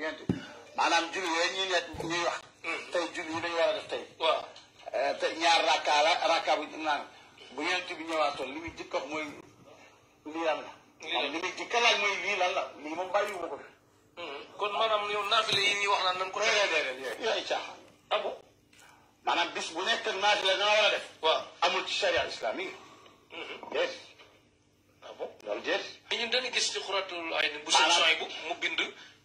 ñeenti maanaam julli yooyu ñuy net ñuy wax tey julli yi dañu war a def tey waaw eh, te ñaar rakka la rakka bu naan bu ñeent bi ñëwaatoon li muy jëkk wax mooy lii lan la li muy jëkk laaj mooy lii lan la lii moom bàyyi ma ko fi hmm. kon maanaam yow naafile yi ñuy wax naan nan ko déedéet yooyu caaxaan ah bon maanaam bis bu nekk naafile dana war a def waaw amul ci charia islamique hmm. déet ah bon loolu déet ñun dañu gis ci xuratul ay bu seen soy bu mu bind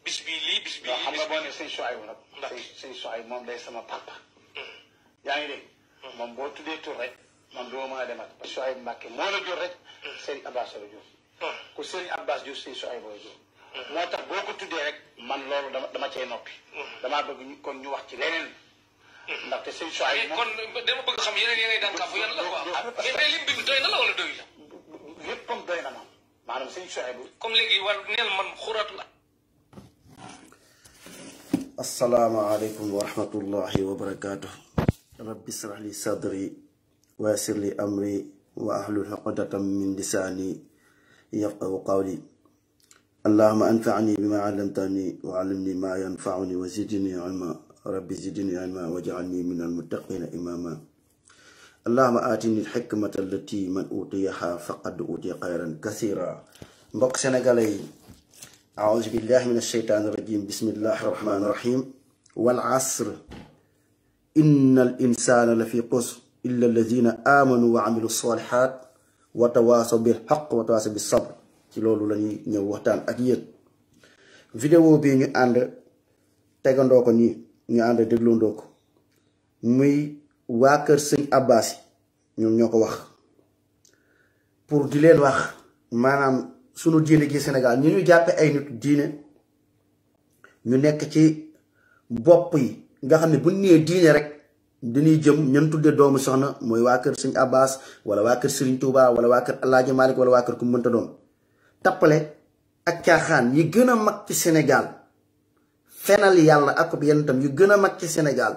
bis bi lii bis bi lii xam nga boo ne sëñ Souhaïbou nag. ndax moom day sama papa. Mm. yaa ngi dégg. Mm. moom boo tuddee tur rek. man doo mën ma demaat parce que Souhaïbou Mbacke moo la jur rek. Mm. Serigne Abbas la jur. ku Serigne Abbas jur sëñ Souhaïbou la jur. moo tax boo ko tuddee rek man loolu dama dama cee noppi. damaa bëgg kon ñu wax ci leneen. ndaxte sëñ Souhaïbou moom kon bëgg xam yeneen yeneen dànkaafu yan la ko am. mais lim bi doy na la wala doy la. léppam doy na ma maanaam sëñ Souhaïbou. comme léegi war neel man xuraat la. السلام عليكم ورحمة الله وبركاته رب اشرح لي صدري ويسر لي أمري وأهل عقدة من لساني يفقه قولي اللهم أنفعني بما علمتني وعلمني ما ينفعني وزدني علما رب زدني علما واجعلني من المتقين إماما اللهم آتني الحكمة التي من أوتيها فقد أوتي خيرا كثيرا mbokk سنغالي أعوذ بالله من الشيطان الرجيم بسم الله الرحمن الرحيم والعصر إن الإنسان لفي قسر إلا الذين آمنوا وعملوا الصالحات وتواصوا بالحق وتواصوا بالصبر ci loolu la ñuy ñëw waxtaan ak yéen vidéo bii ñu ànd tegandoo ko nii ñu ànd dégloondoo ko muy waa kër sëñ Abbas yi ñoom ñoo ko wax pour di leen wax maanaam sunu diine gi Sénégal ñu ñu jàppe ay nit diine ñu nekk ci bopp yi nga xam ne bu ñu nee diine rek dañuy jëm ñan tuddee doomu soxna mooy waa kër Sëñ Abbas wala waa kër Sëriñ Touba wala waa kër Alaaji Malik wala waa kër ku mënta doon tappale ak caaxaan yi gën a mag ci Sénégal fenal yàlla ak yenn tam yu gën a mag ci Sénégal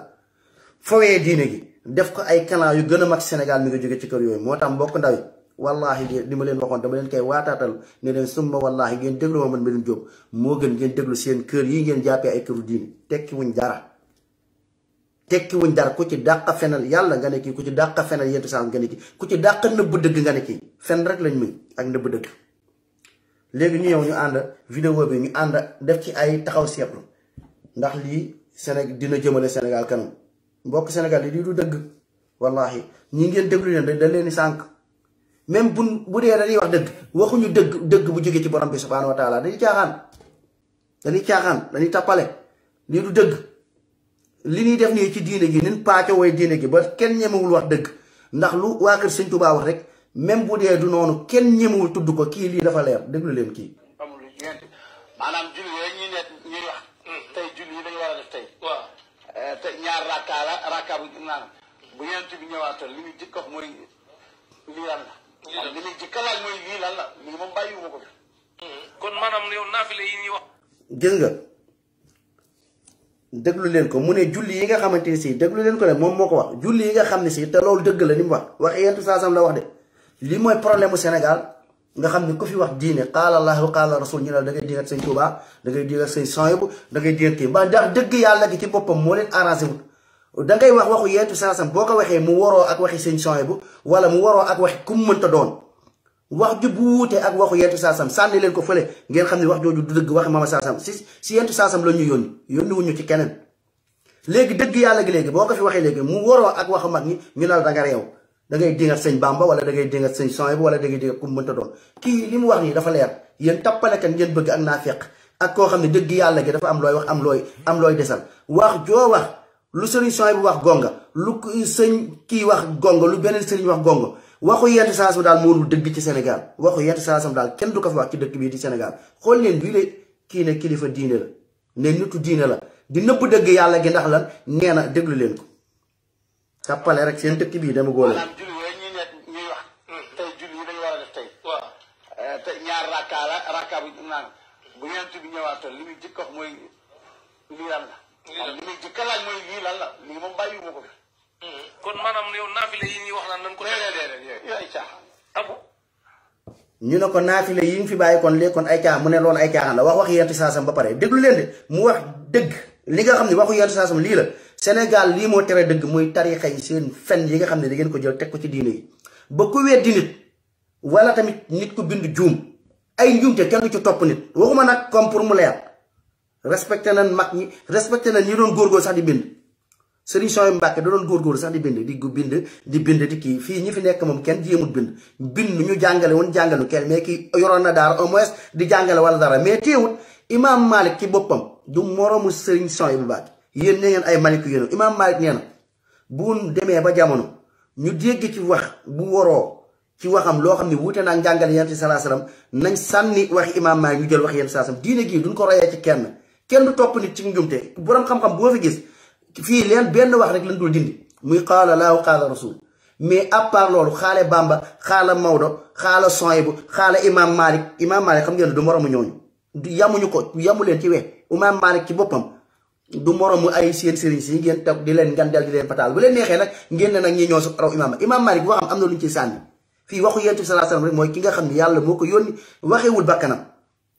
fowee diine gi def ko ay canal yu gën a mag Sénégal mi nga jóge ci kër yooyu moo tax mbokk ndaw wallahi di ma len waxon dama len kay watatal ne len summa wallahi ngeen deglu man Medoune job mo gën ngeen deglu seen kër yi ngeen jàppee ay këru diin tekki wuñ dara tekki wuñ dara ku ci dàq fenal yalla nga ne ki ku ci dàq fenal yentu saa nga ne ki ku ci dàq nëbb deug nga ne ki fen rek lañ muy ak nëbb deug léegi ñu yow ñu and vidéo bi ñu and def ci ay taxaw seplu ndax li Sénégal dina jëmele Sénégal kan mbokk Sénégal li du deug wallahi ñi ngeen deglu leen da leen sank même bu bu dé dañuy wax dëgg waxu ñu dëgg dëgg bu joggé ci borom bi subhanahu wa taala dañuy caaxaan dañuy caaxaan dañuy tapalé lii du dëgg li ni def ni ci diiné gi nin paaco way diiné gi ba kenn ñemewul wax dëgg ndax lu wa kër señ Tuubaa wax rek même bu dé du nonu kenn ñemewul tuddu ko ki li dafa leer lu leen ki manam julli yooyu ñi net ñi wax tay julli yi dañ wara def tay wa euh tay ñaar rakka la rakka bu ñaan bu yent bi ñëwaatal limi jikko moy li yalla am li muy jëkk a yi ñuy wax. gis nga déglu leen ko mu ne julli yi nga xamante ne si déglu leen ko de moom moo ko wax julli yi nga xam ne sii te loolu dëgg la li mu wax wax yentu saasam la wax de lii mooy problème mu Sénégal. nga xam ni ko fi wax diine qaala allahu qaala rasul ñu ne da ngay digal sëñ Tuubaa da ngay digal sëñ Sanyob da ngay kii ba ndax dëgg yàlla gi ci boppam moo leen arrangé da ngay wax waxu yentu saasam boo ko waxee mu waroo ak waxi sëñ sooy bu wala mu waroo ak waxi ku mu mënta doon wax ju bu wuute ak waxu yentu saasam sànni leen ko fële ngeen xam ne wax jooju du dëgg wax ma mama saasam si si yentu saasam la ñu yónni yónni ñu ci keneen léegi dëgg yàlla gi léegi boo ko fi waxee léegi mu waroo ak waxu mag ñi ñu ne la da nga réew da ngay dingat sëñ Bamba wala da ngay dingat sëñ sooy bu wala da ngay dingat ku mu mënta doon kii li mu wax nii dafa leer yéen tappalekan ngeen bëgg ak naafeq ak koo xam ne dëgg yàlla gi dafa am looy wax am looy am looy desal lu sëriñ sooy bu wax gonga lu sëñ kiy wax gonga lu beneen sëriñ wax gonga waxu yent saasam daal moo dul dëgg ci Sénégal waxu yent saasam daal kenn du ko fa wax ci dëkk bii di Sénégal xool leen bii la kii ne kilifa diine la ne nitu diine la di nëpp dëgg yàlla gi ndax lan nee na déglu leen ko kàppale rek seen dëkk bii dama góole eh, bu bi ñëwaatoon li a laaj mooy lii la lii moom bàyyi ma ko fi. Hmm. kon maanaam yow naafile yi ñuy wax naan nan ko. déedéet yooyu ay caaxaan. abu. Ah ne ko naafile yi ñu fi bàyyi kon ay caaxaan mu ne loolu ay caaxaan la wax wax yenti saasam ba pare déglu leen de mu wax dëgg li nga xam ne waxu yenti saasam lii la Sénégal lii moo tere dëgg muy tarixa yi seen fen yi nga xam ne da ngeen ko jël teg ko ci diine yi ba ko weddi nit wala tamit nit ku bind juum ay njuumte kenn ci topp nit waxuma nag compour pour mu leer respecté nañ mag ñi respecté nañ ñi doon gor sax di bind serigne soye mbacké doon gor gor sax di bind di bind di bind di ki fi ñi fi nek mom kenn jéemut bind bind ñu jàngale won jàngalu kenn mais ki yoroon na daara au moins di jàngale wala dara mais téwut imam Malik ki bopam du moromu serigne soye bu yeen ne ngeen ay Malik yeen imam Malik neena na bu démé ba jamono ñu dégg ci wax bu woro ci waxam loo xam ne wuute naa njàngale yent salaa nañ sanni wax imam Malik ñu jël wax yent salaa salaam diine duñ ko ci kenn kenn du topp nit ci njumte boroom xam-xam boo fi gis fii leen benn wax rek lañ dul dindi muy qaala laahu qaala rasul mais à part loolu xaale Bamba xaala Maodo xaala Soyibu xaala Imaam Malik Imaam Malik xam ngeen du moromu ñooñu du yamuñu ko yamu leen ci wee Imaam Malik ci boppam du moromu ay seen sëriñ si ngeen toog di leen ngandeel di leen pataal bu leen neexee nag ngeen ne nag ñi ñoo raw Imaam Imaam Malik boo xam am na lu ñu ciy sànni fii waxu yonent bi rek mooy ki nga xam ne yàlla moo ko yónni waxewul bakkanam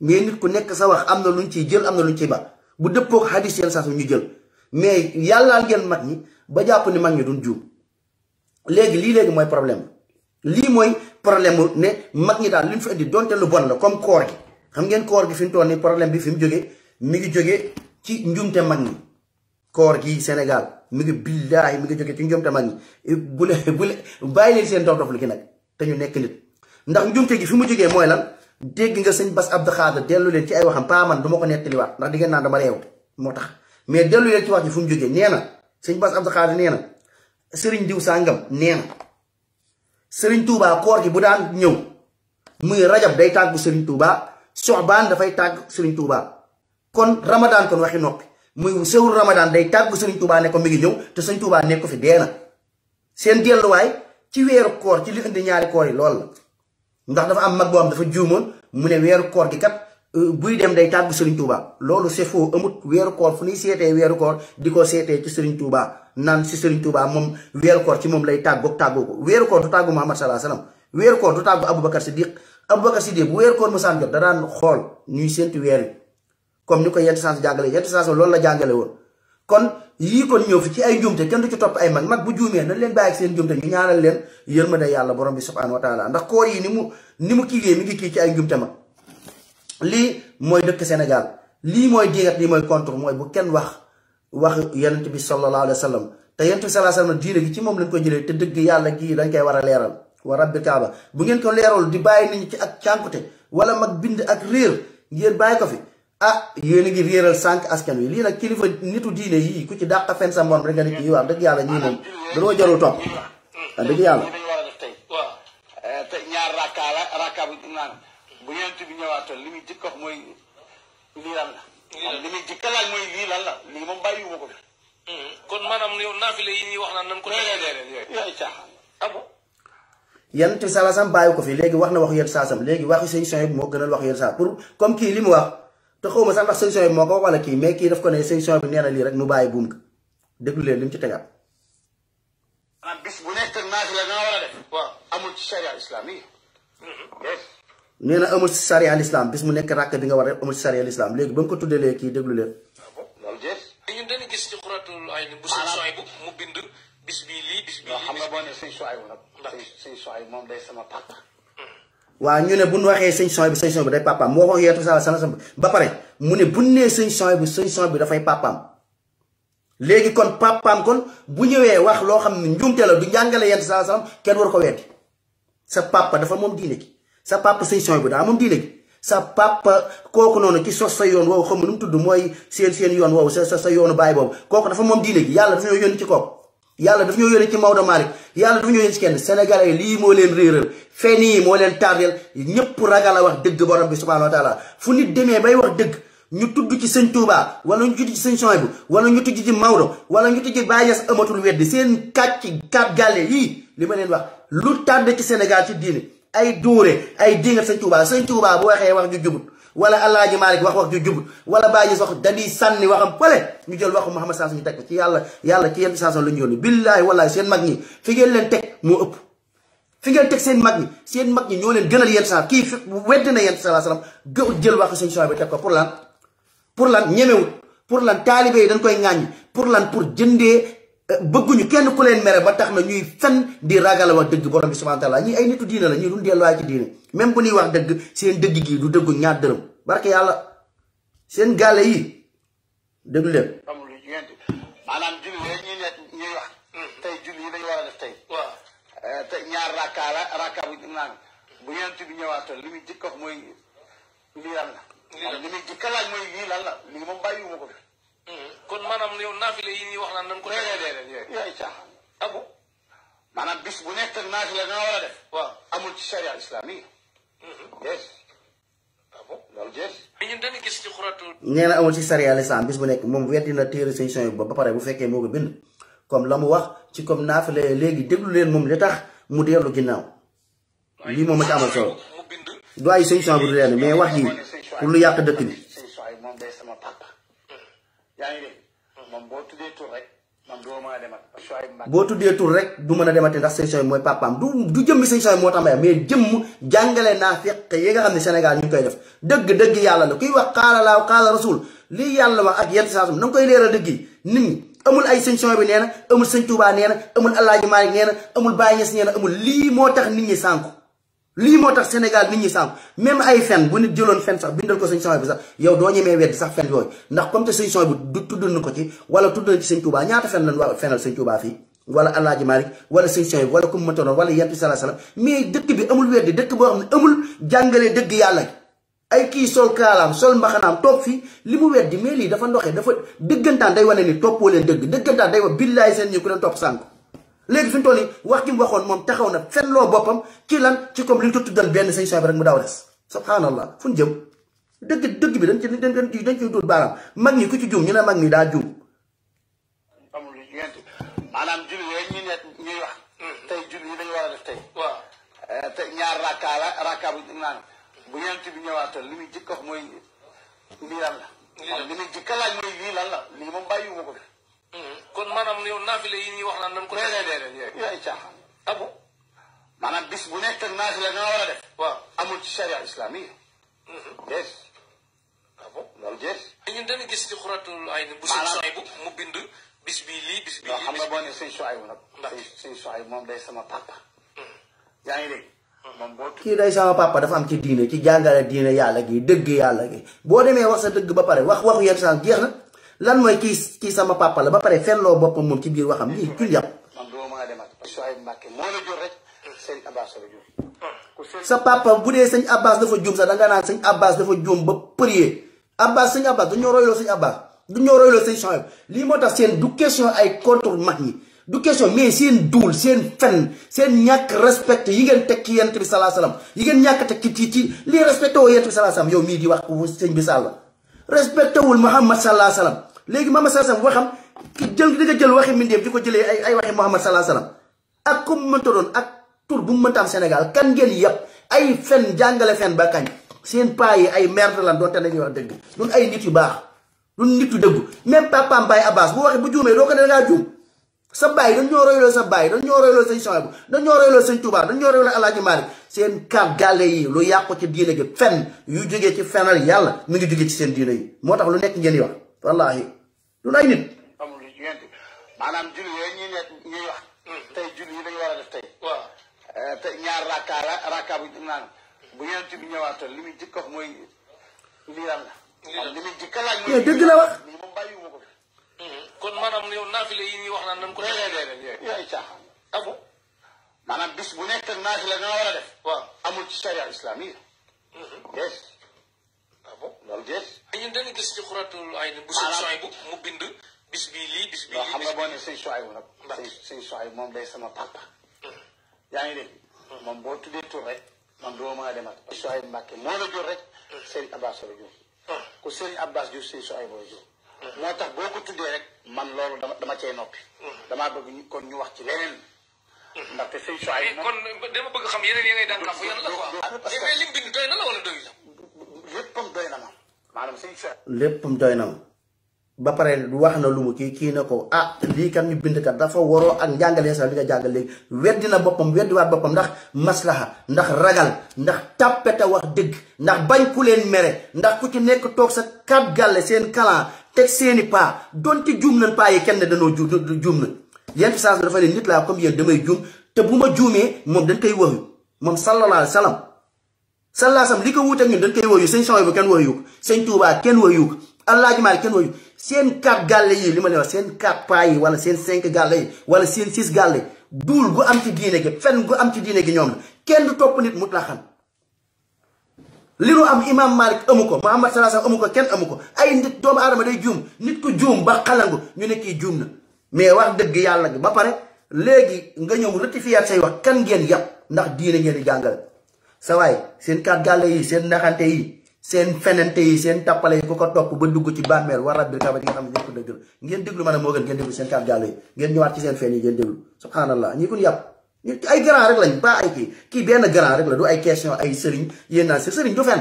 mais nit ku nekk sa wax am na luñ ciy jël am na luñ ciy ba bu dëppook xadis yenn saa ñu jël mais yàllaal ngeen mag ñi ba jàpp ni mag ñi duñ juum léegi lii léegi mooy problème lii mooy problème mu ne mag ñi daal li ñu fi indi donte lu bon la comme koor gi xam ngeen koor gi fi mu toll nii problème bi fi mu jógee mi ngi jógee ci njuumte mag ñi koor gi Sénégal mi ngi billaahi mi ngi jógee ci njuumte mag ñi bu le bu le bàyyi leen seen dof dof lu gi nag te ñu nekk nit ndax njuumte gi fi mu jógee mooy lan dégg nga sëñ bas Abdou Khadre dellu leen ci ay waxam pa man du ma ko nettaliwaat ndax di ngeen naan dama réew moo tax mais dellu leen ci wax ji fu mu jógee nee sëñ Bass Abdou Khadre nee na sëriñ diw sàngam nee sëriñ tuubaa koor ji bu daan ñëw muy rajab day tàggu sëriñ Touba soxbaan dafay tànk sëriñ Touba kon Ramadan kon waxi noppi muy sewul Ramadan day tàggu sëriñ Touba ne ko mi ngi ñëw te sëriñ Touba nekk fi dee seen delluwaay ci weeru koor ci li indi ñaari koor yi lool ndax dafa am mag boo am dafa juumoon mu ne weeru koor gi kat euh, buy dem day tàggu Serigne Touba loolu c'est faux amut weeru koor fu ñuy seetee weeru koor di ko seetee ci Serigne Touba naan si Serigne Touba moom weeru koor ci moom lay tàggoog tàggoo ko weeru koor du tàggu Muhammad sallallahu alayhi wa sallam weeru koor du tàggu Aboubacar Siddiq Aboubacar Siddiq bu weeru koor mu saan jot da daan xool ñuy séntu weer comme ni ko yenn sens jàngale yenn sens loolu la jàngale woon yii kon ñëw fi ci ay njuumte kenn du ci topp ay mag mag bu juumee nañ leen bàyyi ak seen njuumte ñu ñaanal leen yërmande yàlla borom bi subhanahu wa taala ndax koor yi ni mu ni mu kiiwee mi ngi kii ci ay njuumte mag lii mooy dëkk senegal lii mooy digat lii mooy contre mooy bu kenn wax wax yonent bi sallallahu alayhi wa sallam te yonent bi sallallahu alayhi wa gi ci moom lañ ko jëlee te dëgg yàlla gii dañ koy war a leeral wa rabbil kaaba bu ngeen ko leeral di bàyyi nit ñi ci ak cànkute wala mag bind ak réer ngeen bàyyi ko fi ah yéen a ngi réeral sànq askan wi lii nag kilifa nitu diine yii ku ci dàq fen sa moom rek nga ne kii wax dëgg yàlla ñii moom dañoo jarul topp wax dëgg yàlla. Eh, ñaar wax mooy lii lan la. li muy jëkk laaj ko fi. Hmm. kon maanaam yow naafile yi ñuy wax naan nan ko. déedéet yooyu caaxaan ah bon. yent salasam bàyyi ko fi léegi wax na waxu yent saasam léegi waxu sëñ Soyebu moo gënal waxu yent saasam pour comme kii li mu wax. te xaw ma sax ndax solution bi moo ko wala kii mais kii daf ko ne solution bi nee na lii bàyyi buum ko déglu leen ci tegaat. maanaam yi. Mm-hmm. na amul ci charia bis mu nekk ràkk bi nga war a def amul léegi ba mu ko tuddalee kii déglu leen. Ah loolu jërëjëf. moom day sama pàq. waa ñu ne bu ñu waxee sëñ son bi sëñ bi day papaam moo ko yeetu sa sana ba pare mu ne bu nee sëñ son bi sëñ son bi dafay papaam léegi kon papaam kon bu ñëwee wax loo xam ne njuumte la du njàngale yentu saa kenn war ko weddi sa papa dafa moom diine gi sa papa sëñ bi daa moom diine gi sa papa kooku noonu ci sos sa yoon woowu xam nu mu tudd mooy seen seen yoon woowu sa sa yoonu baay boobu kooku dafa moom diine gi yàlla dafa ñoo yónni ci kooku yàlla daf ñoo yore ci Maodo Malick yàlla daf ñoo yore ci kenn sénégalais lii moo leen réeral fen yi moo leen tardel ñëpp ragal a wax dëgg borom bi subhanahu wa taala fu nit demee bay wax dëgg ñu tudd ci sëñ Touba wala ñu tudd ci sëñ Soy wala ñu tudd ci Maodo wala ñu tudd ci Baayes amatul weddi seen kàcc kàtt gàlle yii li ma leen wax lu tàdd ci Sénégal ci diine ay duure ay dingat sëñ Touba sëñ Touba bu waxee wax ju jubut wala Alaaji Maalik wax wax ju jub wala bàyyi sax dañuy sànni waxam fële ñu jël waxu Muhammad Sanson ñu teg ko ci yàlla yàlla ci yenn Sanson la ñu yónni billaahi wallaahi seen mag ñi fi ngeen leen teg mu ëpp. fi ngeen teg seen mag ñi seen mag ñi ñoo leen gënal yenn saa kii wedd na yenn saa salaam gë jël waxu seen bi teg ko pour lan pour lan ñemewut pour lan taalibe yi dañ koy ŋàññi pour lan pour jënde bëgguñu kenn ku leen mere ba tax na ñuy fenn di ragal wa dëgg borom bi subhanahu wa taala ñi ay nitu diina la ñi duñ delu ci diina même bu ñuy wax dëgg seen dëgg gi du dëggu ñaar dërëm barke yalla seen galé yi dëgg leen. amul wax. yi def eh, ñaar la bu naan bu bi la. li kon manam ñu nafilé yi ñi wax naan nan ko. déedéet yooyu caaxaan. ah bon manam bis bu nekk naafile dana nga wara def. wa amul ci sharia islami yes déedéet. ah bon loolu déedéet. ñun dañu gis ci xuratu. nee na amul ci charia islam bis bu nekk moom weddi na téere solution yi ba ba bu fekkee moo bind. comme la wax ci comme déglu li tax mu dellu ginnaaw. lii moom a amal solo. du ay solution bu mais wax yi pour lu dëkk yaa ngi dégg moom boo tuddee tur rek man doo a boo tuddee rek du mën a demate ndax sëñ Soy mooy papaam du du jëmmi sëñ Soy moo tax may mais jëmm jàngale naa fekk yi nga xam ne Sénégal ñu ngi koy def dëgg dëgg yàlla la kuy wax xaala laaw xaala rasul lii yàlla wax ak yenn saa na nga koy leeral dëgg yi nit ñi amul ay sëñ bi nee na amul sëñ Tuubaa nee na amul Alaaji Maalik nee na amul Baay Ñas nee na amul lii moo tax nit ñi sànku lii moo tax Sénégal nit ñi sànq même ay fen bu nit jëloon fen sax bindal ko sëñ Souhaïbou sax yow doo ñemee wedd sax fen yooyu ndax comme te sëñ Souhaïbou du tudd na ko ci wala tudd na ci sëñ Touba ñaata fen lan wa fenal sëñ Touba fii wala Alaaji Malik wala sëñ wala kum wala yent bi mais dëkk bi amul weddi dëkk boo xam ne amul jàngale dëgg yàlla ay kii sol kaalaam sol mbaxanaam toog fii li mu weddi mais lii dafa ndoxe dafa dëggantaan day wane ni toppoo leen dëgg dëggantaan day wax billaay seen ñu ku leen topp sànq léegi fi mu toll nii wax ji mu waxoon moom taxaw na fenloo boppam ci lan ci comme li ñu ko tuddal benn say sooy rek mu daaw des subhanallah fu ñu jëm dëgg dëgg bi dañ ci dañ dañ dañ ciy dóor baaraam mag ñi ku ci juum ñu ne mag ñi daa juum. amul lu ñu maanaam julli yooyu ñu ne ñuy wax. tey julli yi dañu war a def tey. waaw euh, tey ñaar rakka la rakka bu naan bu ñeent bi ñëwaatoon li muy jëkk wax mooy lii lan la. lii lan la li muy jëkk laaj mooy lii lan la lii moom bàyyiwuma ko fi. kon maanaam yow naafile yi ñuy wax naan nan ko. déedéet yooyu yooyu caaxaan. ah bon maanaam bis bu nekk naafile na war a def. waaw amul ci charia islamique. Mm-hmm. déet. ah bon loolu déet. ñun dañu gis ci xuratul ay bu sëñ Soaybu mu bind bis bii lii bis bii lii. xam nga boo nee sëñ Soaybu nag. ndax sëñ Soaybu moom day sama papa. Mm-hmm. yaa ngi dégg. Mm-hmm. kii day sama papa dafa am ci diine ci jàngale diine yàlla gi dëgg yàlla gi boo demee wax sa dëgg ba pare wax waxu yenn sens jeex na. lan mooy kii kii sama papa la ba pare fenloo boppam moom ci biir waxam lii kii yàpp sa papa bu dee sëñ Abbas dafa juum sax danga naan sëñ Abbas dafa juum ba prier Abbas sëñ Abbas dañoo royloo sëñ Abbas dañoo royloo sëñ Chouaib lii moo tax seen du question ay contre mag ñi du question mais seen duul seen fen seen ñàkk respect yi ngeen teg ci yent bi salaa salaam yi ngeen ñàkk teg ci ci lii respecté woo yent bi salaa yow mii di wax sëñ bi sàll respecté wul Muhammad salaa salaam léegi ma Muhammad sallallahu alayhi wasallam waxam jël di nga jël waxi mbindeef bi ko jëlee ay ay waxi Muhammad sallallahu alayhi wasallam ak ku mu mënta doon ak tur bu mu mënta am Sénégal kan ngeen yëpp ay fen jàngale fen ba kañ seen paa yi ay merde lan doonte dañuy wax dëgg ñun ay nit yu baax ñun nit dëggu même papaam Baye Abbas bu bu juumee doo ko ne dangaa sa baay dañ ñoo royloo sa baay dañ ñoo royloo sëñ Sohaybu dañ ñoo royloo sëñ Tuubaa dañ ñoo royloo Alaaji Maalik seen kàr gàlle yi lu yàqu ci diine gi fen yu jógee ci fenal yàlla mu ngi jógee ci seen diine yi moo tax lu nekk ngeen wax wallaahi du lay nit. amul maanaam julli yooyu ñuy nekk ñuy wax. tey julli yi dañu war a def tey. waaw euh, tey ñaar rakka la rakka bu naan bu yonent bi ñëwaatoon li muy jëkk wax mooy lii lan la. lii lan la li muy jëkk laaj mooy. Eh, dëgg la wax lii moom bàyyiwuma ko fi. Hmm. kon maanaam yow naafile yi ñuy wax naan nan ko. déedéet déedéet yooyu caaxaan. ah bon maanaam bis bu nekk naafile la dina war a def. waaw amul ci charia islam yi. Hmm. loolu déet. ñun ah, dañu gis ci xuratul ay bu sëñ lii bis bii xam nga boo ne sëñ Suwaybu nag. sëñ Suwaybu moom hmm. yaa ngi dégg. moom boo tuddee tur rek man doo mën a demat. sëñ Suwaybu Mbàkke moo la jur rek. Hmm. Serigne Abbas la jur. Hmm. ku Serigne Abbas tax boo ko tuddee rek man loolu dama dama cee noppi. damaa bëgg kon ñu wax ci leneen. ndaxte sëñ Suwaybu moom eh, kon dama bëgg xam yeneen yi ngay daan kàpp yan la quoi. parce eh, na la wala doy na. doy na ma. léppam doy na ma ba pare wax na lu mu kii kii na ko ah lii kat ñu bind kat dafa waroo ak njàngalee sax li nga jàngal léegi weddi na boppam weddiwaat boppam ndax maslaha ndax ragal ndax tàppete wax dëgg ndax bañ ku leen mere ndax ku ci nekk toog sa kat gàlle seen kalan teg seeni paa ci juum leen paa yi kenn danoo juum na yenn saa dafa leen nit laa comme yéen damay juum te bu ma juumee moom dañ koy wax moom sallallahu alayhi sallallahu alayhi li ko wuuteeg ñun dañ koy woyu sëñ Sow bu kenn woyu ko sëñ Touba kenn woyu ko Alaaji Maalik kenn woyu seen quatre gàlle yi li ma leen wax seen quatre pas yi wala seen cinq gàlle yi wala seen six gàlle yi duul gu am ci diine gi fenn gu am ci diine gi ñoom la kenn du topp nit mutlaqan li nu am imam Malik amu ko Muhammad sallallahu alayhi wasallam amu ko kenn amu ko ay nit doomu aadama day juum nit ku juum ba xalangu ñu ne kii juum na mais wax dëgg yàlla gi ba pare léegi nga ñëw rectifier say wax kan ngeen yàpp ndax diine ngeen di jàngale sa waay seen kat gàlle yi seen naxante yi seen fenente yi seen tappale yi ku ko topp ba dugg ci bàmmeel war rabbil kaaba di nga xam ma moo gën ngeen déglu seen kat gàlle yi ngeen ñëwaat ci seen fen ba ay kii kii benn grand rek la du ay question ay sëriñ yéen naa si sëriñ du fen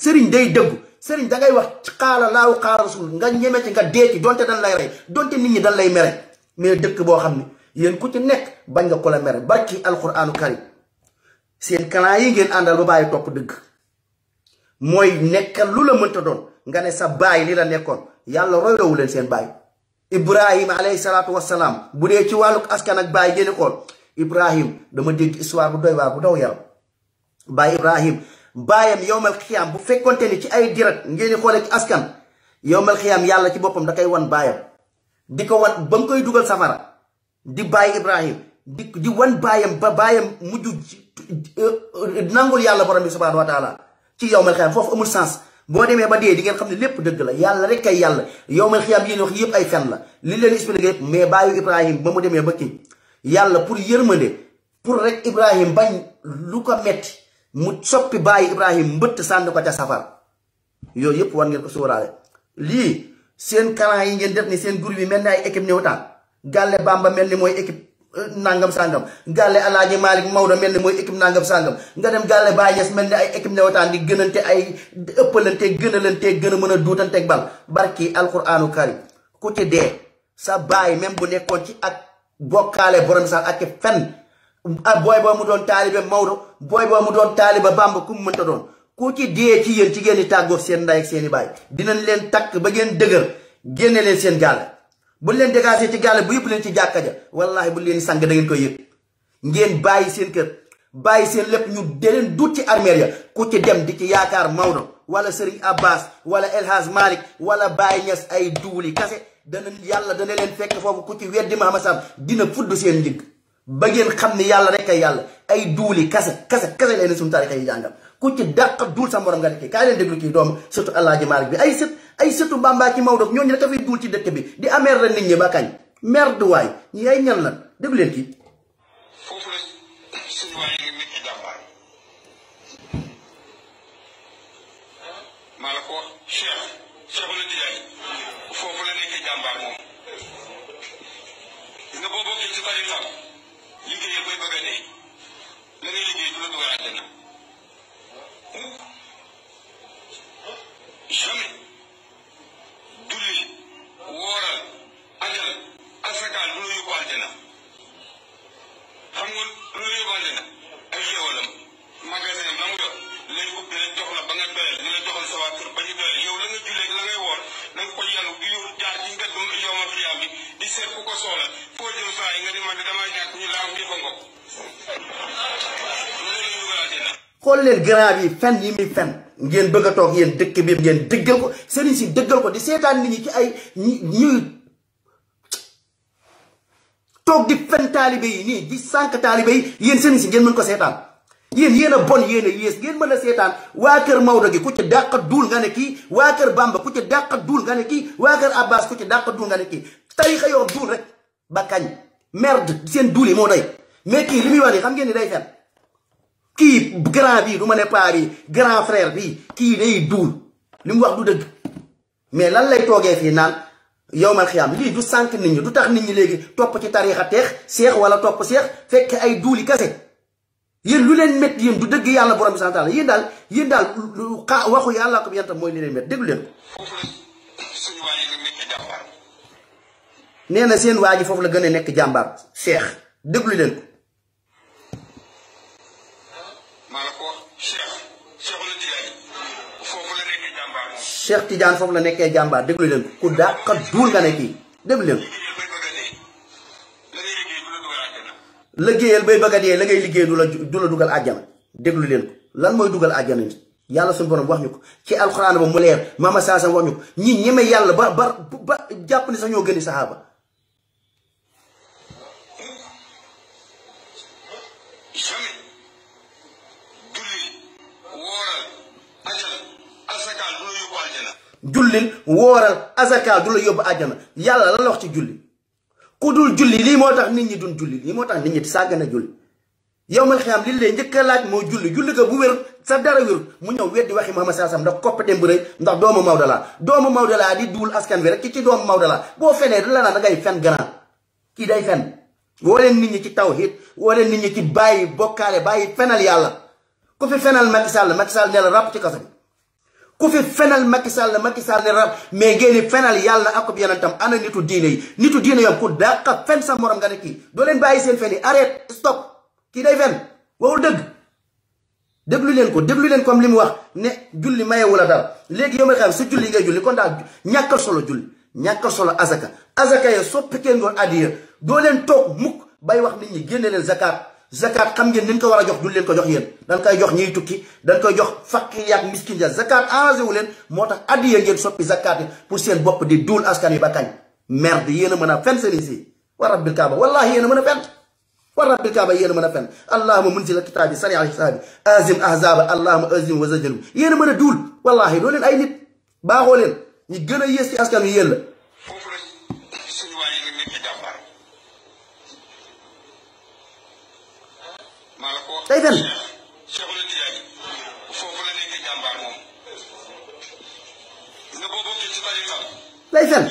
sëriñ day dëgg sëriñ da ngay wax xaala laaw xaala rasul nga ñeme ci nga dee ci donte dañ lay rey donte nit ñi dañ lay mere mais dëkk boo xam ne yéen ku ci nekk bañ nga ko la mere barki alquranu karim seen clan yi ngeen àndal ba bàyyi topp dëgg mooy nekkal lu la mënta doon nga ne sa bàyyi li la nekkoon yàlla royloowu leen seen baay ibrahim alayhi salaatu wassalaam bu dee ci wàllu askan ak baay ngeen xool ibrahim dama dégg histoire bu doy waar bu daw yaram baay ibrahim baayam yowmal xiyaam bu fekkonte ni ci ay dirat ngeen xoolee askan yowmal xiyaam yàlla ci boppam da koy wan baayam di ko wan ba mu koy dugal safara di baay ibrahim di wan baayam ba baayam mujj nangul yàlla borom bi subhanahu wa taala ci yow mel xiyam foofu amul sens boo demee ba dee dingeen ngeen xam ne lépp dëgg la yàlla rek ay yàlla yow mel xiyam yéen wax yëpp ay fen la li leen expliqué yëpp mais bàyyi Ibrahim ba mu demee ba kii yàlla pour yërmande pour rek Ibrahim bañ lu ko metti mu soppi bàyyi Ibrahim mbëtt sànni ko ca safar yooyu yëpp war ngeen ko sóoraale lii seen karan yi ngeen def ni seen groupe yi mel ni ay équipe néewtaan Galle Bamba mel ni mooy équipe nangam sangam gàlle alaaji Malick Maodo mel ni mooy équipe nangam sàngam nga dem gàlle Baye Niass mel ni ay équipe newataan di gënante ay ëppalante gënalante gën a mën a duutanteeg bal barki alquranu karim ku ci dee sa baay même bu nekkoon ci ak bokkaale borom sax ak fenn ah, booy boo mu doon taalibe Maodo booy boo mu doon taalibe Bamba ku mu mënta doon ku ci dee ci yéen ci ngeen di tàggoo seen ndey ak seen i baay dinañ leen takk ba ngeen dëgër génne leen seen gaal buñ leen dégagé ci gàlle bu yëpp leen ci jàkka ja wallaahi buñ leen sang da ngeen koy yëg ngeen bàyyi seen kër bàyyi seen lépp ñu de leen dut ci armeer ya ku ci dem di ci yaakaar Maodo wala Serigne Abbas wala El Hadj Malick wala Baye Niass ay duuli kase dana yàlla dana leen fekk foofu ku ci weddi Mahama Sam dina fudd seen njëg ba ngeen xam ni yàlla rek ay yàlla ay duuli kase kase kase leen suñu tarixa yi jàngam ku ci dàq duul sa morom nga def kii kaay leen déglu kii doom surtout El bi ay sët ay sëtu Bamba ki Maodo ñooñu rek a fiy ci dëkk bi di amer la nit ñi ba kañ merde waay ñi ay ñan lan déglu leen foofu la suñu waay jàmbaar maa la ko wax Cheikh Cheikh foofu la nekk jàmbaar moom nga boo bokkee ci tariqam liggéeyal bay bëgg a dee la ngay liggéey du la dugal àddina grand bi fen yi muy fen ngeen bëgg a toog yéen dëkk bi ngeen dëggal ko sëriñ si dëggal ko di seetaan nit ñi ci ay ñuy toog di fen taalibe yi nii di sànq taalibe yi yéen sëriñ si ngeen mën ko seetaan yéen yéen a bon yéen a yées ngeen mën a seetaan waa kër Maodo gi ku ci dàq duul nga ne kii waa kër Bamba ku ci dàq duul nga ne kii waa kër Abbas ku ci dàq duul nga ne kii tarixa yor duul rek ba kañ merde seen duul yi moo doy mais kii li muy wax nii xam ngeen di day fen kii grand bii du ma ne paa bii grand frère bii kii day duul li mu wax du dëgg mais lan lay toogee fii naan yowmal xiyaam lii du sànq nit ñi du tax nit ñi léegi topp ci tariixa teex seex wala topp seex fekk ay duuli kase yéen lu leen métti yéen du dëgg yàlla borom bi sant yéen daal yéen daal xa waxu yàlla ko yantam mooy li leen métti déglu leen ko. nee na seen waa ji foofu la gën a nekk jàmbar seex déglu leen ko. Cheikh Tidiane foofu la nekkee jàmbaar déglu leen ku dàqa duul nga ne kii déglu leen liggéeyal bay bëgg dee la ngay liggéey du la du dugal àjjana déglu leen ko lan mooy dugal àjjana nit yàlla suñu wax ñu ko ci alxuraan ba mu leer maama saasam wax ñu ko ñi ñeme yàlla ba ba ba jàpp ni sax gën a saxaaba jullil wooral azaka du la yóbbu àjjana yàlla lan la wax ci julli ku dul julli lii moo tax nit ñi dun julli lii moo tax nit ñi sàgg na julli yow mal xiyaam lii lay njëkk a laaj moo julli julli ko bu wér sa dara wér mu ñëw weddi waxi Muhammad sallallahu alayhi wasallam ndax koppateem bu rëy ndax doomu Maodo laa doomu Maodo laa di askan wi rek ki ci doomu Maodo laa boo fenee da la naan da ngay fen gannaaw kii day fen woo leen nit ñi ci tawhid woo leen nit ñi ci bàyyi bokkaale bàyyi fenal yàlla ku fi fenal Macky Sall Macky Sall ne la ci kaso bi ku fi fenal Macky Sall la Macky Sall ne mais ngeen fenal yàlla ak ab tam ana nitu diine yi nitu diine yom ku dàqa fen sa morom nga ne kii doo leen bàyyi seen fen yi arrête stop kii day fen wawul dëgg déglu leen ko déglu leen comme li mu wax ne julli mayewu la dara léegi yow ma xam su julli ngay julli kon daal ñàkkal solo julli ñàkkal solo azaka azaka ya soppi ngeen ngoon addiya doo leen toog mukk bay wax nit ñi génne leen zakat zakat xam ngeen ni ko war a jox du leen ko jox yéen dañ koy jox ñiy tukki dañ koy jox fakkiir yaak miskin ja zakat arrangé wu leen moo tax addiya ngeen soppi zakat yi pour seen bopp di duul askan yi ba kañ merde yéen a mën a fen sëriñ si wa rabbil kaaba wallahi yéen na mën a fen wa rabbil kaaba yéen a mën a fen allahuma la kitaabi sari al xisaabi azim ahzaba allahuma azim wa zajalum yéen a mën a duul wallahi doo leen ay nit baaxoo leen ñi gën a yées ci askan wi yéen la day fen day fen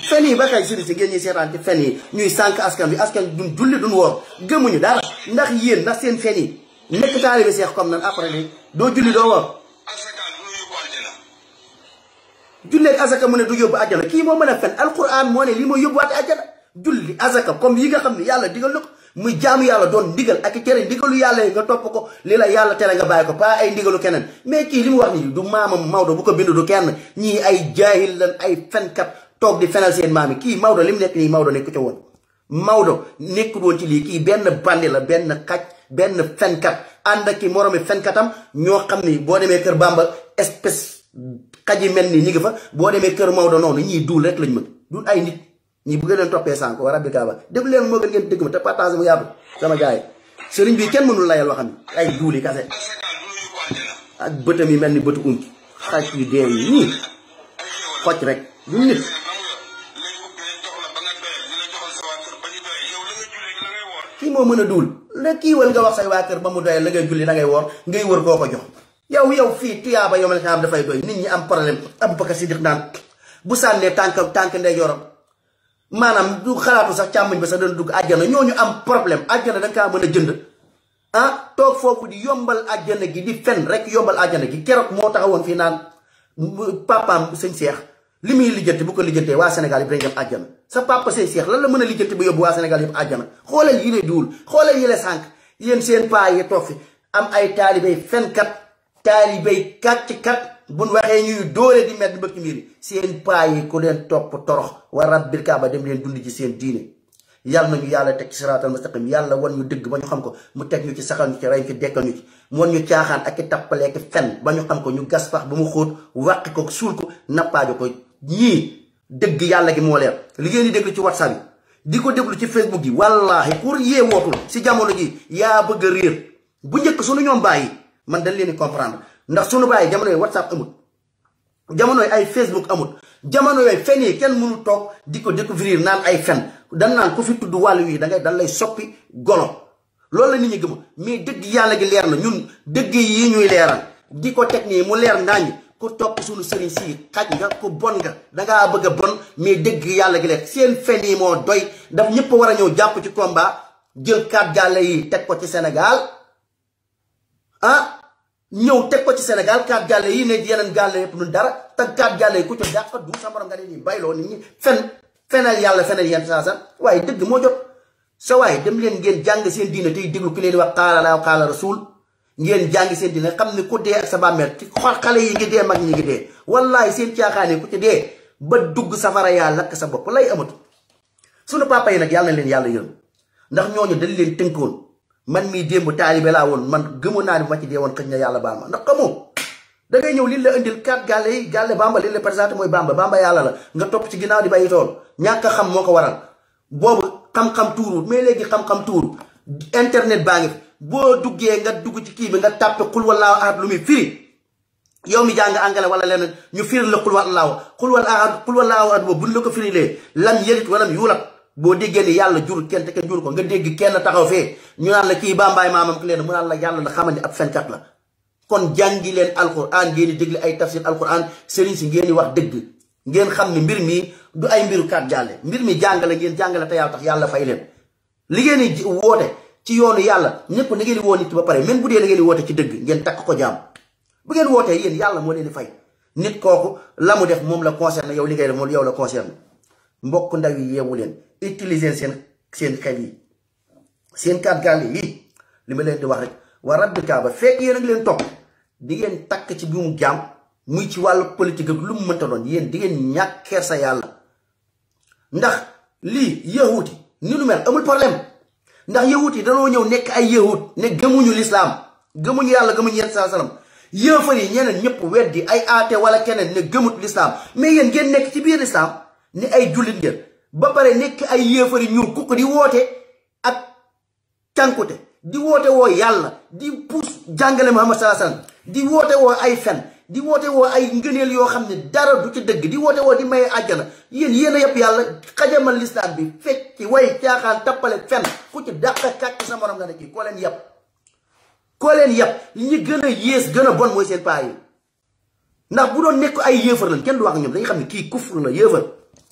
fen yi ba kay suri si ngeen ñuy seetaan ci fen yi ñuy sànq askan bi askan bi duñ julli duñ woor gëmuñu dara ndax yéen ndax seen fen yi nekk taalibe seex comme nan après li doo julli doo woor julleeg azaka mu ne du yóbbu àjjana kii moo mën a fen alquran moo ne li ma yóbbuwaate àjjana julli azaka comme yi nga xam ne yàlla digal na ko muy jaamu yàlla doon ndigal ak tere ndigalu yàlla yi nga topp ko li la yàlla tere nga bàyyi ko pas ay ndigalu keneen mais kii li mu wax nii du maamam Maodo bu ko bind du kenn ñii ay jaahil lan ay fenkat toog di fenal seen maam yi kii Maodo li mu nekk nii Maodo nekk ca woon Maodo nekkul woon ci lii kii benn bandi la benn xaj benn fenkat ànd ak ki moroomi fenkatam ñoo xam ni boo demee kër Bamba espèce xaj yi mel nii ñu ngi fa boo demee kër Maodo noonu ñii duul rek lañ mën du ay nit ñi bëgg leen toppee sànq war rabbi kaaba déglu leen moo gën ngeen dégg ma te partage bu yàgg sama gars sëriñ bi kenn mënul layal waxam ay duuli kase ak bëtam yi mel ni bët ump xaj yu dee yi ñii rek du nit kii moo mën a duul la kii wal nga wax say waa kër ba mu doyal la ngay julli da ngay woor ngay wër koo ko jox yow yow fii tuyaaba yomal xam dafay doy nit ñi am problème si Siddiq naan bu sànnee tànk tànk ndey yorom manam du xalaatu sax càmmoñ ba sax dana dugg àjjana ñooñu am problème àjjana da nga kaa mën a jënd ah toog foofu di yombal àjjana gi di fen rek yombal àjjana gi keroog moo taxawoon fii naan papaam sëñ Seex li muy lijjanti bu ko lijjantee waa Sénégal yëpp dañ dem àjjana sa papa sëñ Seex lan la mën a lijjanti ba yóbbu waa Sénégal yëpp àjjana xoolal yi la duul xoolal yi la sànq yéen seen paa yi toog fi am ay taalibey fenkat taalibey kàcc kat buñ waxee ñuy dóore di mel bëkk mbir seen paa yi ku leen top torox wa rabbil kaaba dem leen dund ci seen diine yalla ñu yalla tek ci siraatal mustaqim yalla won ñu dëgg ba ñu xam ko mu tek ñu ci saxal ñu ci ray fi ci ñu ci mo ñu caaxaan ak i ak fenn ba ñu xam ko ñu gaspax bu mu xoot waq ko ak suul ko nappaajo ko yi dëgg yalla gi mo leer li ngeen di dégg ci whatsapp yi di ko déglu ci facebook gi wallahi pour yee wootul si jamono gi ya bëgg rir bu ñëk suñu ñom bàyyi man dañ leen di comprendre ndax sunu bàyyi jamono yi whatsapp amut jamono yi ay facebook amut jamono yooyu fen yi kenn mënu toog di ko découvrir naan ay fen dan naan ku fi tudd wàllu yi da ngay dan lay soppi golo loolu la nit ñi gëm mais dëgg yàlla gi leer na ñun dëgg yi ñuy leeral di ko teg nii mu leer naañi ku topp suñu sëriñ si xaj nga ku bon nga dangaa bëgg a bon mais dëgg yàlla gi leer seen fen yi moo doy daf ñëpp war a ñëw jàpp ci combat jël kaat gàlle yi teg ko ci Sénégal ah ñëw teg ko ci senegal kaat gàlle yi ne yeneen gàlle yëpp nun dara te kaat gàlle yi ku ci jàq du sa morom nga ne nii bayloo fenal yàlla fenal yenn saa waaye dëgg moo jot sa waaye leen ngeen jàng seen diine tey déglu ki leen wax xaala laa xaala rasul ngeen jàng seen diine xam ne ku dee ak sa bàmmeel xale yi ngi dee mag ñi ngi dee wallaay seen caaxaane ku ci dee dugg safara yaa lakk sa bopp lay amatu sunu papa yi nag yàlla leen yàlla yërëm ndax ñooñu dañ leen tënkoon man mii démb taalibe laa woon man gëmoon naa ne bu ma ci dee woon xëj na yàlla baal ma ndax xamoo da ngay ñëw lii la indil kat gale yi gàlle bamba lii la présenté mooy bamba bamba yàlla la nga topp ci ginnaaw di bàyyi tool ñàkk a xam moo ko waral boobu xam-xam tuuru mais léegi xam-xam tuuru internet baa ngi fi boo duggee nga dugg ci kii bi nga tàppe xul wallaahu at lu muy firi yow mi jàng angale wala leneen ñu firi la xul wallaahu xul wallaahu ahad xul wallaahu ahad bu buñ la ko firilee lam yelit walam yuulat boo déggee ni yàlla jur kenn te kenn jur ko nga dégg kenn taxaw fee ñu naan la kii bàmbaay maamam ki leen mu naan la yàlla na xamal ni ab fenkat la kon jàngi leen alquran ngeen di déglu ay tafsir alquran sëriñ si ngeen di wax dégg ngeen xam ni mbir mi du ay mbiru kat jàlle mbir mi jàngale ngeen jàngale te yàlla tax yàlla fay leen li ngeen di woote ci yoonu yàlla ñëpp na ngeen di woo nit ba pare même bu dee da ngeen di woote ci dëgg ngeen takk ko jàmm bu ngeen wootee yàlla moo leen fay nit kooku la mu def moom la concerné yow li ngay def moom yow la concerné mbokk ndaw yi yeewu leen utiliser seen seen xel yi seen kàddu yi li ma leen di wax rek wa kaa ba fekk yéen a leen topp di ngeen takk ci buumu jaam muy ci wàllu politique ak lu mu mënta doon yéen di ngeen ñàkk kersa yàlla. ndax lii yahut yi ni nu mel amul problème ndax yahut yi danoo ñëw nekk ay yahut ne gëmuñu lislaam gëmuñu yàlla gëmuñu yenn saa salaam yëfar yi ñeneen ñëpp weddi ay aate wala keneen ne gëmut lislaam mais yéen ngeen nekk ci biir lislaam ni ay jullit ngeen ba pare nekk ay yéefari ñuul kukk di woote ak cànkute di woote woo yàlla di puus jàngale ma sallallahu alayhi di woote woo ay fen di woote woo ay ngëneel yoo xam ne dara du ci dëgg di woote woo di maye àjjana yéen yéen yëpp yàlla xajamal lislaam bi fecc ci way caaxaan tappale fen ku ci dàq kàcc sa morom nga ne kii koo leen yàpp koo leen yàpp li ñu gën a yées gën a bon mooy seen paa ndax bu doon nekk ay yéefar lañ kenn du wax ñoom dañu xam ne kii kufur la yéefar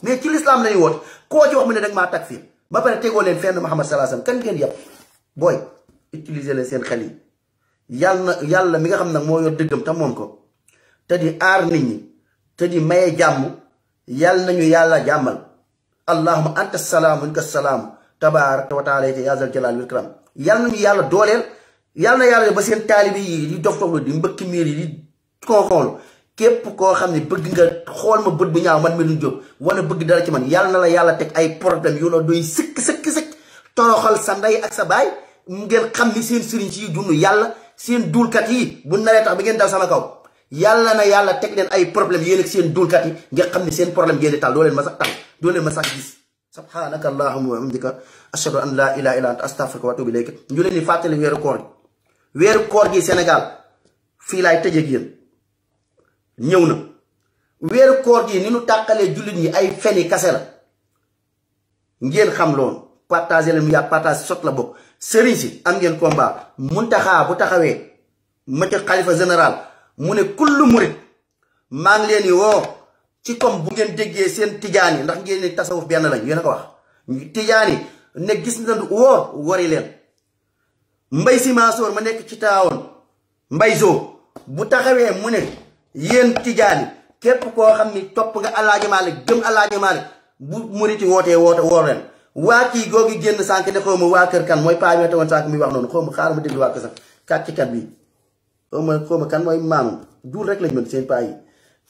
mais ci lislaam lañuy woote koo ci wax mu ne dag maa takfir ba pare tegoo leen fenn Muhammad sallallahu alayhi wasallam kan ngeen yàpp booy utiliser leen seen xel yi yàlla na yàlla mi nga xam nag moo yor dëggam te moom ko te di aar nit ñi te di maye jàmm yàlla nañu yàlla jàmmal allahuma anta salaamu minka salaamu tabaaraka wa taala ya zal jalaal wal ikram yàlla nañu yàlla dooleel yàlla na yàlla ba seen taalibe yi di dof dof lu di mbëkki miir yi di konkonlu képp koo xam ne bëgg nga xool ma bët bu ñaaw man mi lu jóg wala bëgg dara ci man yàlla na la yàlla teg ay problème yu la doy sëkk sëkk sëkk toroxal sa ndey ak sa baay ngeen xam ni seen sëriñ si dund yàlla seen duulkat yi bu naree tax bi ngeen dal sama kaw yàlla na yàlla teg leen ay problème yéen ak seen duulkat yi ngeen xam ne seen problème ngeen di taal doo leen ma sax taal doo leen ma sax gis subhanaka allahumma wa hamdika ashhadu an la ilaha illa anta astaghfiruka wa atubu ilayk ñu leen di fàttali weeru koor gi weeru koor gi Sénégal fii laay tëjee ak ñëw na weeru koor gi ni ñu tàqalee jullit ñi ay feni kase la ngeen xam loolu partage leen yaa partage sot la bokk sëriñ si am ngeen combat muntaxaa bu taxawee mëcc xalifa général mu ne kullu murit leen di woo ci comme bu ngeen déggee seen tijaan yi ndax ngeen tasawu benn lañ yéen a ko wax tijaan yi ne gis na woor wari leen mbay si maasoor ma nekk ci taawoon mbay zoo bu taxawee mu ne yéen tijaani képp koo xam ni topp nga Alaaji Maalik gëm Alaaji Maalik bu murit wootee woote woo leen waa kii googu génn sànq de xaw ma waa kër kan mooy paa bi ma teewoon sànq muy wax noonu xaw ma xaaral ma déglu waa kër sax kàccikat bi xaw ma xaw ma kan mooy maamam duur rek lañ mën seen paa yi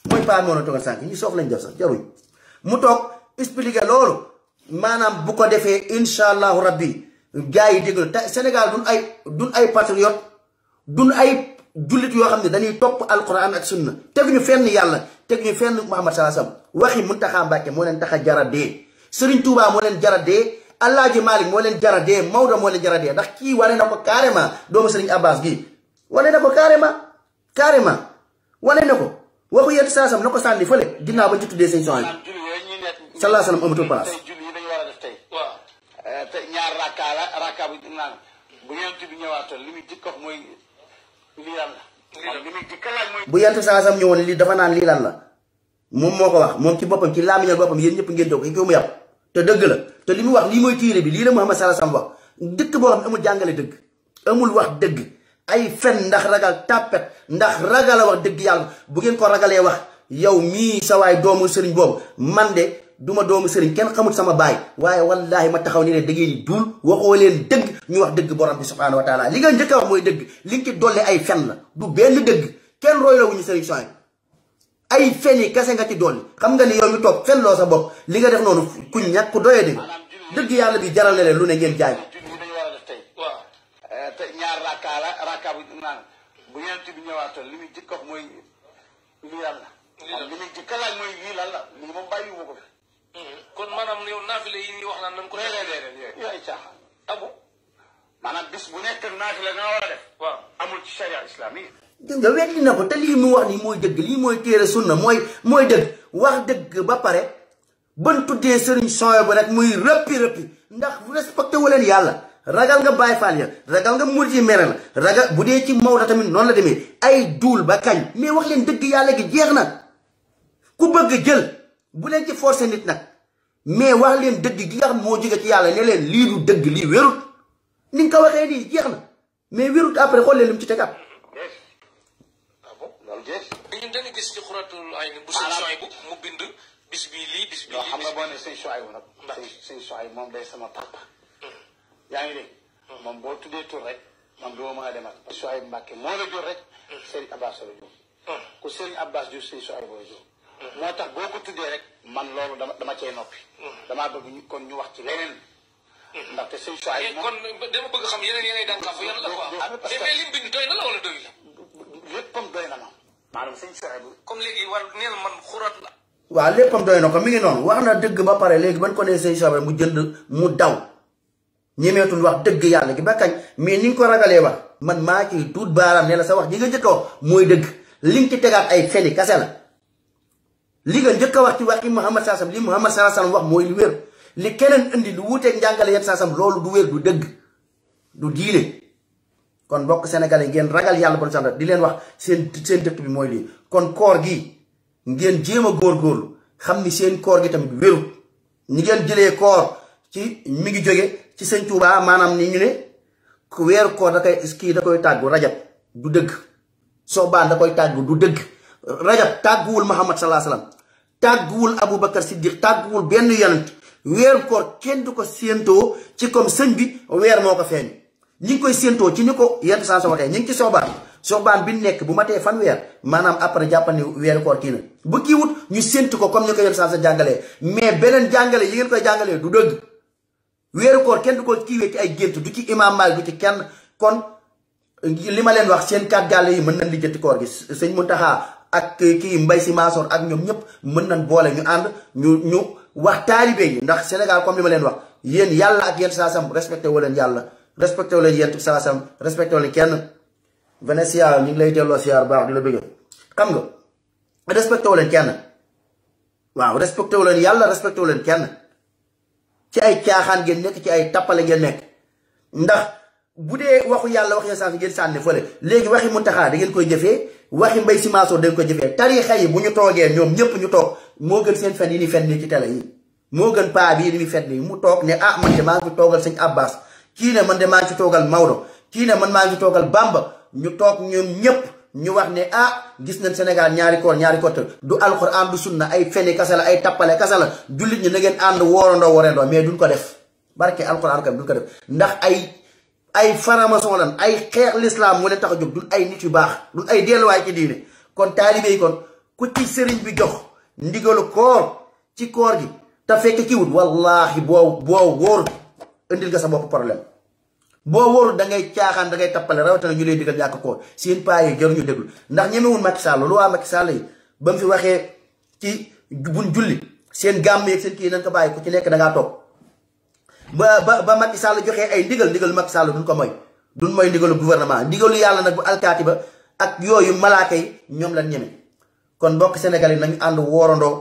mooy paa bi ma ñu soof lañ def sax jaruñ mu toog expliqué loolu maanaam bu ko defee incha allahu rabbi gars yi déglu te Sénégal duñ ay duñ ay patriote duñ ay jullit yoo xam ne dañuy topp alquran ak sunna teg ñu fenn yàlla teg ñu fenn Muhammad sallallahu alayhi wasallam waxi Muntaxa moo leen tax a jara dee Serigne Touba moo leen jara dee Alaaji Malik moo leen jara dee Maodo moo leen jara dee ndax kii wane na ko carrément doomu Serigne Abbas gi wane na ko carrément carrément wane na ko waxu yett saasam na ko sànni fële ginnaaw ba ci tuddee sëñ soxna bi sallallahu alayhi wasallam amatul place eh, ñaar bu yentu saa sam ñëwoon lii dafa naan lii la moom moo ko wax moom ci boppam ci laamiñal boppam yéen ñëpp ngeen doo ko ki ko mu yàpp te dëgg la te li mu wax lii mooy tiire bi lii la Muhammad sallallahu alayhi wasallam wax dëkk boo xam ne amul jàngale dëgg amul wax dëgg ay fen ndax ragal tàppet ndax ragal a wax dëgg yàlla bu ngeen ko ragalee wax yow mii sawaay waay doomu sëriñ boobu man de du ma doomu sëriñ kenn xamul sama baay waaye wallaahi ma taxaw ni ne da ngeen di duul waxoo leen dëgg ñu wax dëgg borom bi subhaanahu wa taala li nga njëkk a wax mooy dëgg li ay fen la du benn dëgg kenn roy la wuñu sëriñ Souhaïbou ay fen yi kese nga ci dolli xam nga ni yow mi toog fen loo sa bopp li nga def noonu ku ñàkk ku doyee dëgg dëgg yàlla bi jaral na leen lu ne ngeen jaay. Eh, ñaar rakka la rakka bu naan bu yonent bi li muy jëkk mooy lii lan la. kon maanaam a def. waaw amul ci charia islam yi. na ko te lii mu wax mooy dëgg lii mooy mooy mooy dëgg wax dëgg ba pare ban tuddee sëriñ ba rek muy ndax respecté wu leen yàlla ragal nga Baay Faal ya nga murit yi mere bu dee ci Maodo tamit noonu la demee ay duul ba kañ mais wax leen dëgg yàlla gi jeex na ku bëgg jël bu leen ci forcé nit nag mais wax leen dëgg gi nga xam ji jóge ci yàlla ne leen lii du dëgg lii wérut ni nga ko waxee nii jeex na mais wérut après xool leen lu mu ci tegaat. ñun dañu gis ci xuratul ay mu bind bis bi lii bis bi lii xam nga boo ne sëñ Soaybu nag moom day sama papa mm-hmm. yaa ngi dégg moom boo tuddee tur rek man doo mën a demal sëñ Soaybu Mbàkke moo la jur rek mm-hmm. Serigne Abbas la jur mm-hmm. ku Serigne Abbas jur jur moo tax boo ko tuddee rek man loolu dama dama cee noppi. Mm-hmm. damaa bëgg ñu kon ñu wax ci leneen. Mm-hmm. ndaxte sëñ Suhaybu eh, la parce que mais lim bi doy na la wala doy la. léppam doy na ma. maanaam sëñ man xuraat la. waaw léppam doy na ko ngi noonu wax na dëgg ba pare léegi ban ko nee sëñ Suhaybu mu jënd mu daw ñemeetul wax dëgg yàlla gi ba kañ mais ni nga ko ragalee wax man maa ciy tuut baaraam ne la sa wax ji jëkkoo mooy dëgg li nga ci tegaat ay feli kase la li nga jëk wax ci Muhammad saa li Muhammad saa sam wax moy li wër li kenen indi lu wuuteeg njàngale yéen saa sam loolu du wër du dëgg du diilé kon bokk sénégalais ngeen ragal yalla bon sant di leen wax seen seen dëkk bi moy li kon koor gi ngeen jéem a góorgóorlu xamni ni seen koor gi tamit wëru ni ngeen jëlé koor ci mi ngi joggé ci seigne touba manam ni ñu né ku wër ko da koy ski da koy taggu rajab du dëgg Raja da koy taggu du dëgg rajab wul Muhammad alaihi wasallam tàgguwul Aboubacar Siddiq tagul benn yonent wer ko kenn du ko sento ci comme seigne bi wer moko fen ni ñi ngi koy séentoo ci ni ko yenn sa soo ni ngi ci soba soobaan bi nek bu matee fan wer manam après jappani wer ko ki na bu ki wut ñu sento ko comme ni ko yenn sa sa jàngalee mais benen jàngale yi ngeen koy jangale du deug wer ko kenn du ko wé ci ay gént du ci imam mal du ci kenn kon Lima ma leen wax seen kat yàlla yi mën nañ li koor gi seigne muntaha ak kii mbay si maasoor ak ñoom ñëpp mën nañ boole ñu ànd ñu ñu wax taalibe yi ndax Sénégal comme li ma leen wax yéen yàlla ak yéen saa sam respecté wu leen yàlla respecté wu leen yéen saa respecté wu leen kenn. Venetia ñu ngi lay delloo siyaar baax di la bëgg xam nga respecté wu leen kenn waaw respecté wu leen yàlla respecté wu leen kenn ci ay caaxaan ngeen nekk ci ay tappale ngeen nekk ndax. bu dee waxu yàlla wax yonent bi ngeen sànni fële léegi waxi Muntaxa da ngeen koy jëfee waxi Mbay Si Mansour da ngeen koy jëfee tariixa yi bu ñu toogee ñoom ñëpp ñu toog moo gën seen fen yi ni fen nii ci télé yi moo gën paa bii ni fen nii mu toog ne ah man de maa ngi fi toogal sëñ Abbas kii ne man demaa maa ngi fi toogal Maodo kii ne man maa ngi toogal Bamba ñu toog ñoom ñëpp ñu wax ne ah gis nañ Sénégal ñaari koor ñaari koor du alxuraan du sunna ay feni kasa la ay tappale kasa la jullit ñi na ngeen ànd woorandoo woorandoo mais duñ ko def barke alxuraan kam duñ ko ay ay faramason lan ay xex l'islam mo len taxo jog dul ay nit yu bax dul ay way ci diine kon talibey kon ku ci serigne bi jox ndigal ko ci koor gi ta fekk ki wut wallahi bo bo wor andil ga sa bop problème bo wor da ngay tiaxan da ngay tapale rawta ñu lay digal ñàkk ko seen pa yi jar ñu deglu ndax won Macky Sall lu waa Macky Sall yi bam fi waxe ci buñ julli seen gam yi seen ki nañ ko bayiko ci nekk da nga toog ba ba ba Macky Sall joxe ay ndigal ndigalu Macky Sall duñ ko moy duñ mooy ndigalu gouvernement ndigalu yàlla nag bu alkaati ba ak yooyu malaaka yi ñoom lañ ñeme kon mbokk Sénégal yi nañu ànd woorandoo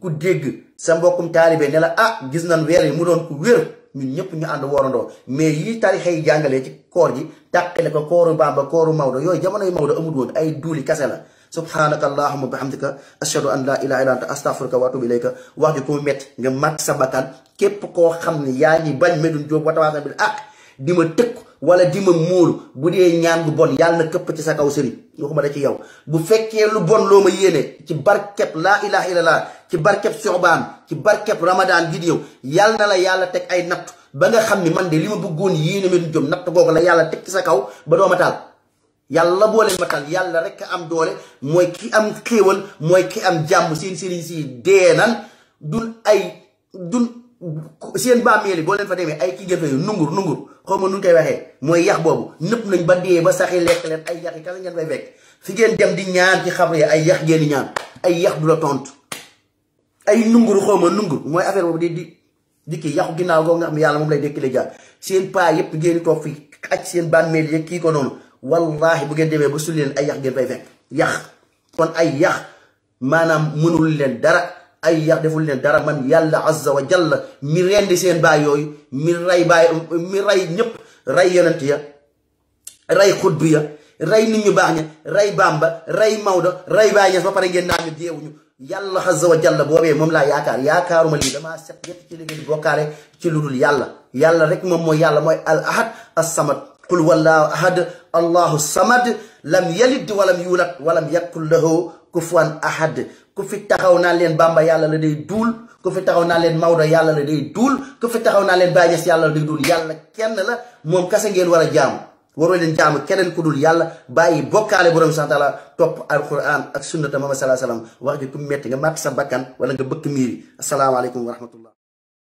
ku dégg sa mbokkum taalibe ne la ah gis nañ weer yi mu doon ku wér ñun ñëpp ñu ànd woorandoo mais yi tarixa yi jàngalee ci koor ji tàqale ko kooru ba kooru Maodo yooyu jamonoy Maodo amul woon ay duuli kase la subhanaka allahumma bihamdika ashhadu an la ilaha illa anta astaghfiruka wa atubu ilayka wax ji ko métti nga màtt sa bakkan képp koo xam ne yaa ngi bañ Médoune Diop Watawassal bil haq ah, di ma tëkk wala di ma móolu bu dee ñaan bu bon yàlla na këpp ci sa kaw sëriñ waxuma da ci yow bu fekkee lu bon loo ma yéene ci barkeb laa ilaha illallah ci barkeb soxbaan ci barkeb ramadan gi di ñëw yàlla na la yàlla teg ay natt ba nga xam ni man de li ma bëggoon yéene Médoune Diop natt googu la yàlla teg ci sa kaw ba dooma taal yàlla boole matal yàlla rek am doole mooy ki am xéewal mooy ki am jàmm seen sëriñ si deenan dul ay dul seen bàmmeel yi boo leen fa demee ay ki jëfe nungur xaw ma nu koy waxee mooy yax boobu nëpp nañ ba dee ba saxi lekk leen ay yax yi kala ngeen fay fekk fi ngeen dem di ñaan ci xabre ay yax ngeen di ay yax du la tontu ay nungur xaw ma nungur mooy affaire boobu de di di kii yaxu ginnaaw googu nga xam yàlla moom lay dékkile jaar seen paa yëpp génn di toog fii aj seen bàmmeel yi kii ko noonu wallahi bu ngeen demee ba sulli leen ay yax ngeen fay fekk yax kon ay yax maanaam mënul leen dara ay yax deful leen dara man yàlla azza wa jalla mi rendi seen baay yooyu mi rey baay mi rey ñëpp rey yonent ya rey xutbu ya rey nit ñu baax ña rey Bamba rey Maodo rey Baay Ñas ba pare ngeen naan ñu deewuñu yàlla azza wa jalla boobee moom laa yaakaar yaakaaruma lii damaa set yett ci li ngeen bokkaale ci lu dul yàlla yàlla rek moom mooy yàlla mooy al ahad as samad qul wallahu ahad allahu samad lam yalid walam yuulat walam yakul lahu kufuwan ahad ku fi taxaw naa leen bamba yàlla la day duul ku fi taxaw naa leen Maodo yàlla la day duul ku fi taxaw naa leen Baye Niass yàlla la day duul yàlla kenn la moom kese ngeen war a jaamu waroo leen jaamu keneen ku dul yàlla bàyyi bokkaale borom sant la topp alquran ak sunnata Muhammad sallallahu alayhi wasallam wax ji ku metti nga màtt sa bakkan wala nga bëkk miiri asalaamaaleykum wa rahmatullah